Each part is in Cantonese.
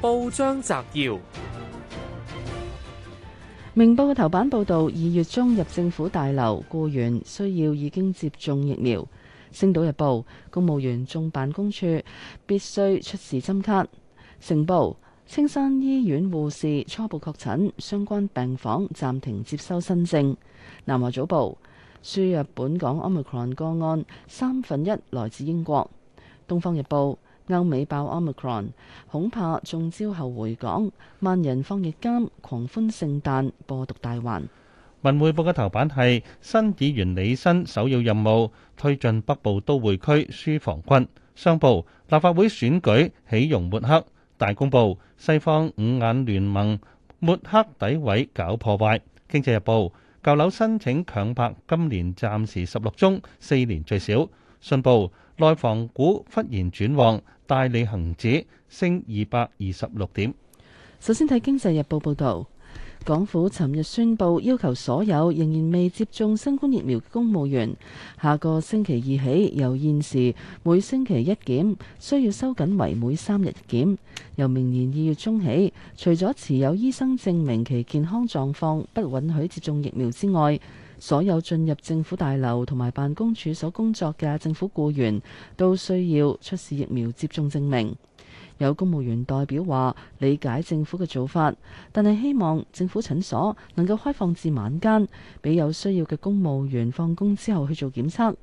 報章摘要：明報嘅頭版報道，二月中入政府大樓雇員需要已經接種疫苗。星島日報，公務員進辦公處必須出示針卡。成報，青山醫院護士初步確診，相關病房暫停接收新症。南華早報，輸入本港 omicron 個案三分一來自英國。東方日報。歐美爆 omicron，恐怕中招後回港，萬人放疫監狂歡聖誕播毒大環。文匯報嘅頭版係新議員李新首要任務推進北部都會區疏防軍。商報立法會選舉豈容抹黑。大公報，西方五眼聯盟抹黑詆毀搞破壞。經濟日報舊樓申請強拍，今年暫時十六宗，四年最少。信報內房股忽然轉旺，大利恒指升二百二十六點。首先睇經濟日報報導，港府尋日宣布要求所有仍然未接種新冠疫苗嘅公務員，下個星期二起由現時每星期一檢，需要收緊為每三日檢。由明年二月中起，除咗持有醫生證明其健康狀況不允許接種疫苗之外，所有進入政府大樓同埋辦公處所工作嘅政府僱員都需要出示疫苗接種證明。有公務員代表話，理解政府嘅做法，但係希望政府診所能夠開放至晚間，俾有需要嘅公務員放工之後去做檢測。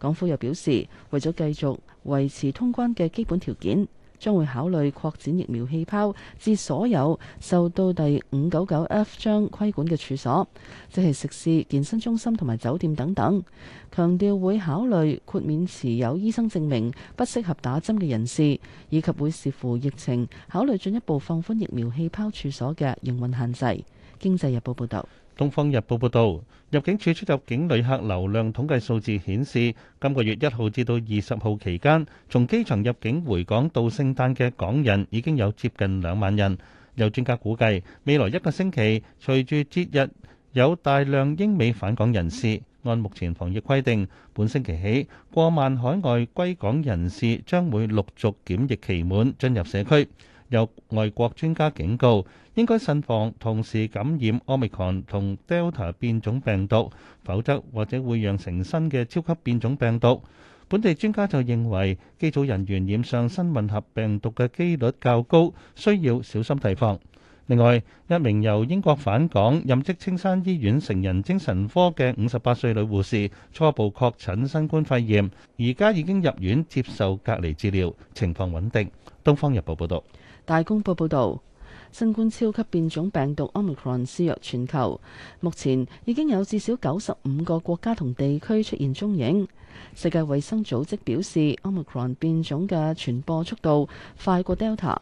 港府又表示，為咗繼續維持通關嘅基本條件，將會考慮擴展疫苗氣泡至所有受到第五九九 F 章規管嘅處所，即係食肆、健身中心同埋酒店等等。強調會考慮豁免持有醫生證明不適合打針嘅人士，以及會視乎疫情考慮進一步放寬疫苗氣泡處所嘅營運限制。經濟日報報道。《東方日報》報道，入境處出入境旅客流量統計數字顯示，今個月一號至到二十號期間，從機場入境回港度聖誕嘅港人已經有接近兩萬人。有專家估計，未來一個星期，隨住節日有大量英美返港人士，按目前防疫規定，本星期起過萬海外歸港人士將會陸續檢疫期滿進入社區。有外國專家警告，應該慎防同時感染 Omicron 同 Delta 變種病毒，否則或者會釀成新嘅超級變種病毒。本地專家就認為，機組人員染上新混合病毒嘅機率較高，需要小心提防。另外，一名由英國返港、任職青山醫院成人精神科嘅五十八歲女護士，初步確診新冠肺炎，而家已經入院接受隔離治療，情況穩定。《東方日報》報導。大公報報導，新冠超級變種病毒 Omicron 肆虐全球，目前已經有至少九十五個國家同地區出現蹤影。世界衛生組織表示，Omicron 變種嘅傳播速度快過 Delta，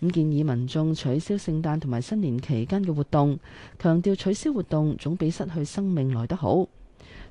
咁建議民眾取消聖誕同埋新年期間嘅活動，強調取消活動總比失去生命來得好。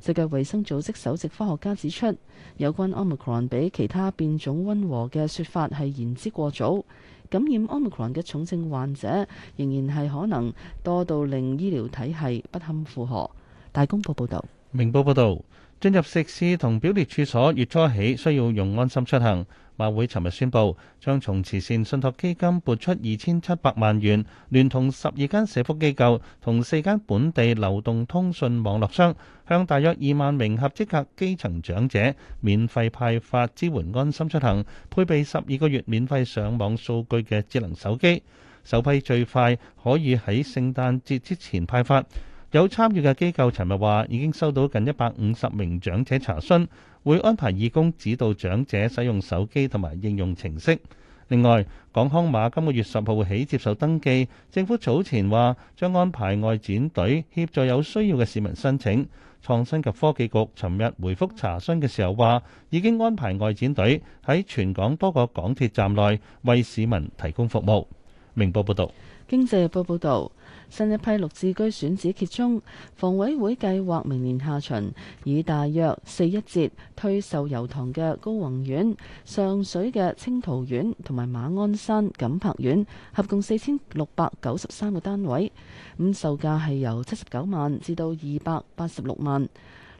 世界衛生組織首席科學家指出，有關 Omicron 比其他變種溫和嘅說法係言之過早。感染 Omicron 嘅重症患者仍然係可能多到令醫療體系不堪負荷。大公報報道。明報報道，進入食肆同表列處所，月初起需要用安心出行。馬會尋日宣布，將從慈善信託基金撥出二千七百萬元，聯同十二間社福機構同四間本地流動通訊網絡商，向大約二萬名合資格基層長者免費派發支援安心出行、配備十二個月免費上網數據嘅智能手機。首批最快可以喺聖誕節之前派發。有參與嘅機構尋日話，已經收到近一百五十名長者查詢。會安排義工指導長者使用手機同埋應用程式。另外，港康碼今個月十號起接受登記。政府早前話將安排外展隊協助有需要嘅市民申請。創新及科技局尋日回覆查詢嘅時候話，已經安排外展隊喺全港多個港鐵站內為市民提供服務。明報報道。經濟日報報道。新一批綠置居選址揭盅，房委會計劃明年下旬以大約四一折推售油塘嘅高宏苑、上水嘅青桃苑同埋馬鞍山錦柏苑，合共四千六百九十三個單位。咁、嗯、售價係由七十九萬至到二百八十六萬，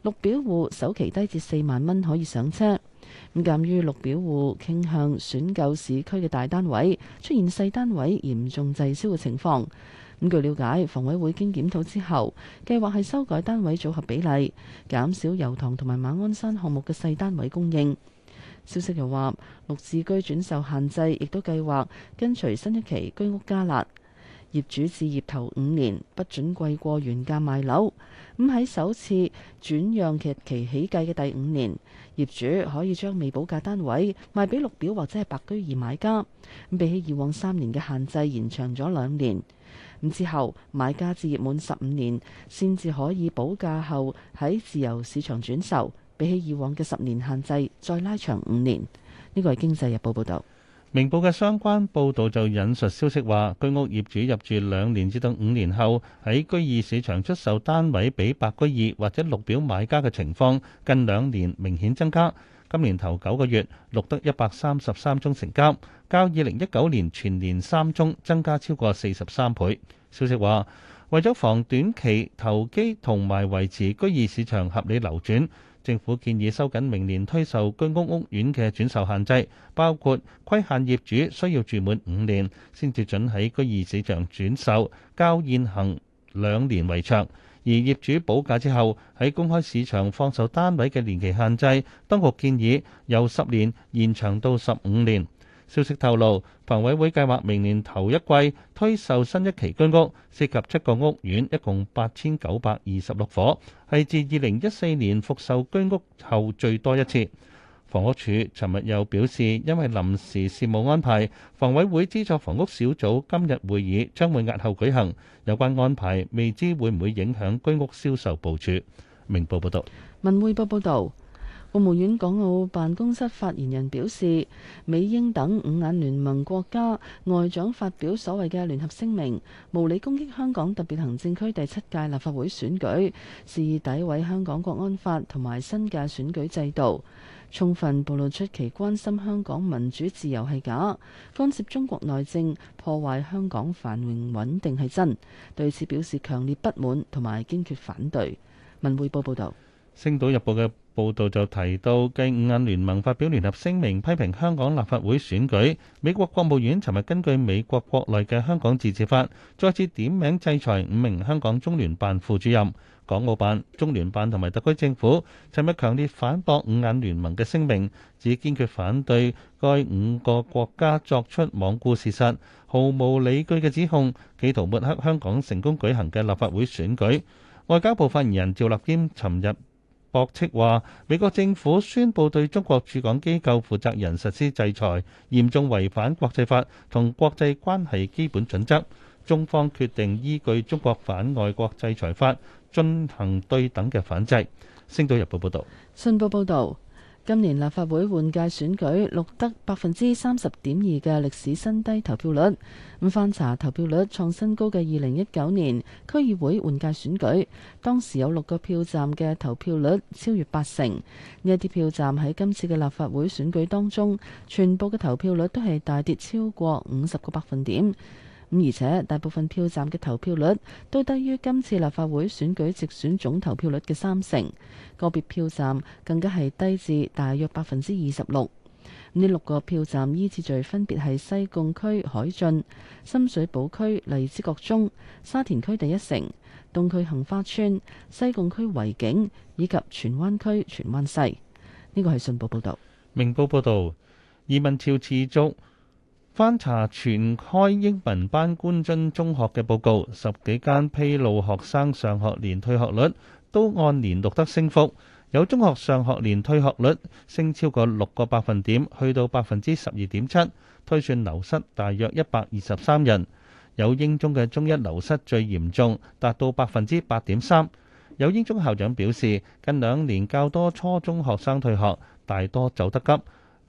綠表戶首期低至四萬蚊可以上車。咁、嗯、鑑於綠表戶傾向選購市區嘅大單位，出現細單位嚴重滯銷嘅情況。咁據了解，房委會經檢討之後，計劃係修改單位組合比例，減少油塘同埋馬鞍山項目嘅細單位供應。消息又話，綠置居轉售限制亦都計劃跟隨新一期居屋加辣，業主置業頭五年不准貴過原價賣樓。咁喺首次轉讓期期起計嘅第五年，業主可以將未補價單位賣俾綠表或者係白居二買家。比起以往三年嘅限制，延長咗兩年。咁之後，買家置業滿十五年先至可以補價後喺自由市場轉售，比起以往嘅十年限制，再拉長五年。呢個係《經濟日報》報導。明報嘅相關報導就引述消息話，居屋業主入住兩年至到五年後喺居二市場出售單位俾白居二或者綠表買家嘅情況，近兩年明顯增加。今年頭九個月錄得一百三十三宗成交。較二零一九年全年三宗增加超過四十三倍。消息話，為咗防短期投機同埋維持居二市場合理流轉，政府建議收緊明年推售居屋屋苑嘅轉售限制，包括規限業主需要住滿五年先至准喺居二市場轉售，較現行兩年為長；而業主補價之後喺公開市場放售單位嘅年期限制，當局建議由十年延長到十五年。消息透露，房委會計劃明年頭一季推售新一期居屋，涉及七個屋苑，一共八千九百二十六伙，係自二零一四年復售居屋後最多一次。房屋署尋日又表示，因為臨時事務安排，房委會資助房屋小組今日會議將會押後舉行，有關安排未知會唔會影響居屋銷售部署。明報報道。文匯報報道。國務院港澳辦公室發言人表示，美英等五眼聯盟國家外長發表所謂嘅聯合聲明，無理攻擊香港特別行政區第七屆立法會選舉，肆意詆毀香港國安法同埋新嘅選舉制度，充分暴露出其關心香港民主自由係假，干涉中國內政、破壞香港繁榮穩定係真。對此表示強烈不滿同埋堅決反對。文匯報報道，《星島日報》嘅。報道就提到，繼五眼聯盟發表聯合聲明，批評香港立法會選舉。美國國務院尋日根據美國國內嘅香港自治法，再次點名制裁五名香港中聯辦副主任、港澳辦、中聯辦同埋特區政府尋日強烈反駁五眼聯盟嘅聲明，指堅決反對該五個國家作出罔顧事實、毫無理據嘅指控，企圖抹黑香港成功舉行嘅立法會選舉。外交部發言人趙立堅尋日。駁斥話，美國政府宣布對中國駐港機構負責人實施制裁，嚴重違反國際法同國際關係基本準則。中方決定依據《中國反外國制裁法》進行對等嘅反制。星島日報報道。信報報道。今年立法會換屆選舉錄得百分之三十點二嘅歷史新低投票率，咁翻查投票率創新高嘅二零一九年區議會換屆選舉，當時有六個票站嘅投票率超越八成，呢一啲票站喺今次嘅立法會選舉當中，全部嘅投票率都係大跌超過五十個百分點。咁而且大部分票站嘅投票率都低於今次立法會選舉直選總投票率嘅三成，個別票站更加係低至大約百分之二十六。呢六個票站依次序分別係西貢區海俊、深水埗區荔枝角中、沙田區第一城、東區杏花邨、西貢區維景以及荃灣區荃灣西。呢、這個係信報報道，明報報道移民潮持續。翻查全開英文班官津中學嘅報告，十幾間披露學生上學年退學率都按年錄得升幅，有中學上學年退學率升超過六個百分點，去到百分之十二點七，推算流失大約一百二十三人。有英中嘅中一流失最嚴重，達到百分之八點三。有英中校長表示，近兩年較多初中學生退學，大多走得急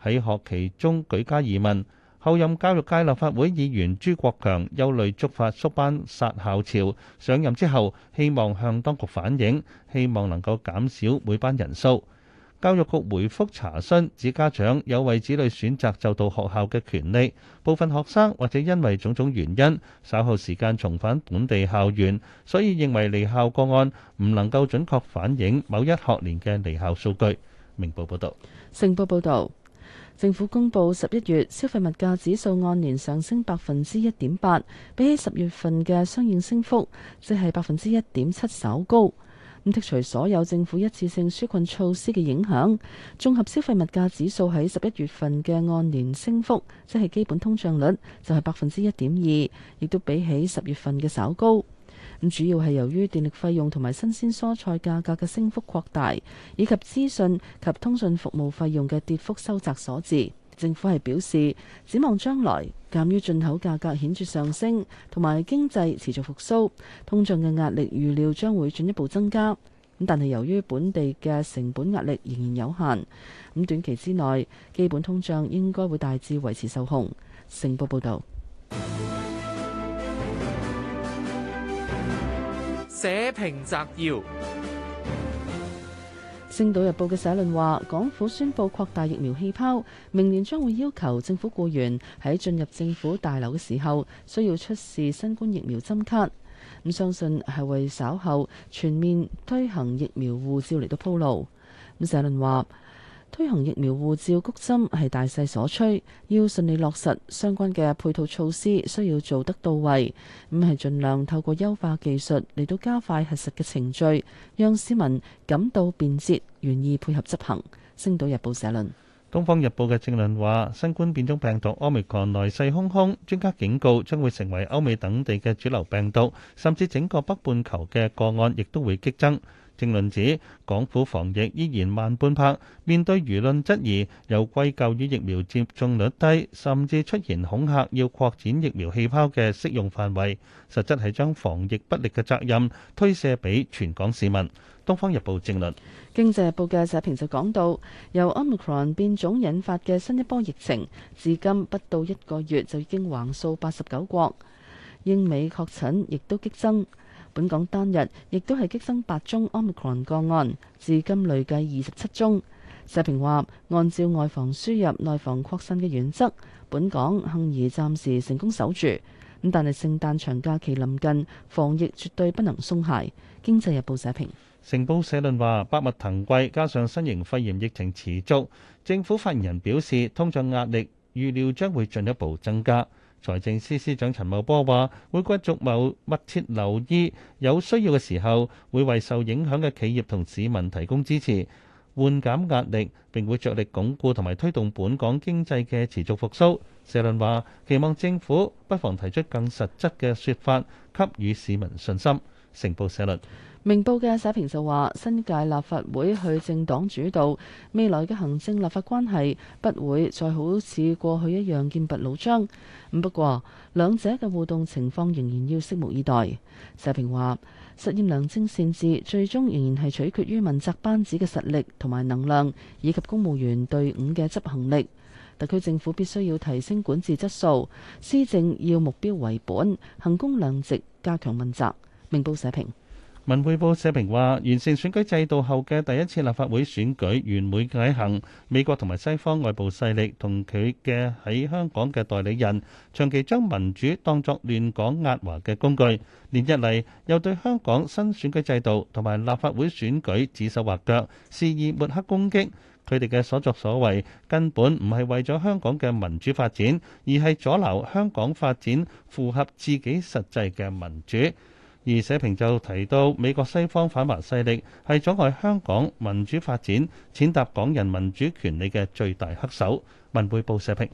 喺學期中舉家移民。候任教育界立法會議員朱國強憂慮觸發縮班殺校潮，上任之後希望向當局反映，希望能夠減少每班人數。教育局回覆查詢，指家長有為子女選擇就讀學校嘅權利，部分學生或者因為種種原因，稍後時間重返本地校園，所以認為離校個案唔能夠準確反映某一學年嘅離校數據。明報報道，成報報道。政府公布十一月消費物價指數按年上升百分之一點八，比起十月份嘅相應升幅，即係百分之一點七，稍高。咁剔除所有政府一次性紓困措施嘅影響，綜合消費物價指數喺十一月份嘅按年升幅，即係基本通脹率就係百分之一點二，亦都比起十月份嘅稍高。主要係由於電力費用同埋新鮮蔬菜價格嘅升幅擴大，以及資訊及通訊服務費用嘅跌幅收窄所致。政府係表示，展望將來，鑑於進口價格顯著上升同埋經濟持續復甦，通脹嘅壓力預料將會進一步增加。咁但係由於本地嘅成本壓力仍然有限，咁短期之內，基本通脹應該會大致維持受控。成報報道。社評摘要，《星島日報》嘅社論話，港府宣布擴大疫苗氣泡，明年將會要求政府僱員喺進入政府大樓嘅時候需要出示新冠疫苗針卡。咁相信係為稍後全面推行疫苗護照嚟到鋪路。咁社論話。推行疫苗護照谷針係大勢所趨，要順利落實相關嘅配套措施，需要做得到位。唔係盡量透過優化技術嚟到加快核實嘅程序，讓市民感到便捷，願意配合執行。星島日報社論。東方日報嘅正論話：新冠變種病毒奧密克來勢洶洶，專家警告將會成為歐美等地嘅主流病毒，甚至整個北半球嘅個案亦都會激增。正論指港府防疫依然慢半拍，面對輿論質疑，又歸咎於疫苗接種率低，甚至出現恐嚇要擴展疫苗氣泡嘅適用範圍，實質係將防疫不力嘅責任推卸俾全港市民。《東方日報》正論，《經濟日報》嘅社評就講到，由奧密克戎變種引發嘅新一波疫情，至今不到一個月就已經橫掃八十九國，英美確診亦都激增。本港單日亦都係激增八宗 Omicron 個案，至今累計二十七宗。社評話：按照外防輸入、內防擴散嘅原則，本港幸而暫時成功守住。咁但係聖誕長假期臨近，防疫絕對不能鬆懈。經濟日報社評。成報社論話：百物騰貴，加上新型肺炎疫情持續，政府發言人表示，通脹壓力預料將會進一步增加。財政司司長陳茂波話：會繼續密切留意，有需要嘅時候會為受影響嘅企業同市民提供支持，緩減壓力，並會着力鞏固同埋推動本港經濟嘅持續復甦。社論話：期望政府不妨提出更實質嘅説法，給予市民信心。成報社論。明報嘅社評就話：新界立法會去政黨主導，未來嘅行政立法關係不會再好似過去一樣劍拔弩張咁。不過，兩者嘅互動情況仍然要拭目以待。社評話：實現良政善治，最終仍然係取決於問責班子嘅實力同埋能量，以及公務員隊伍嘅執行力。特區政府必須要提升管治質素，施政要目標為本，行公良直，加強問責。明報社評。文匯報社評話，完成選舉制度後嘅第一次立法會選舉圓滿舉行。美國同埋西方外部勢力同佢嘅喺香港嘅代理人，長期將民主當作亂港壓華嘅工具。連日嚟又對香港新選舉制度同埋立法會選舉指手畫腳，肆意抹黑攻擊。佢哋嘅所作所為根本唔係為咗香港嘅民主發展，而係阻撓香港發展符合自己實際嘅民主。而社評就提到，美國西方反華勢力係阻礙香港民主發展、踐踏港人民主權利嘅最大黑手。文匯報社評。